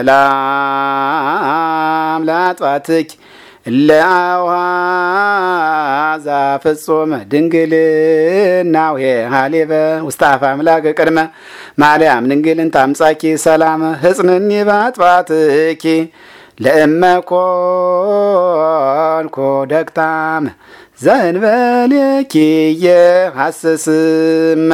ሰላም ላጧትኪ ለአውሃዛ ፍጹም ድንግልናው ሃሌበ ውስጣፍ አምላክ ቅድመ ማርያም ድንግልን ታምጻኪ ሰላም ህጽንኒ ባጧትኪ ለእመ ደግታም ዘንበልኪየ ሐስስም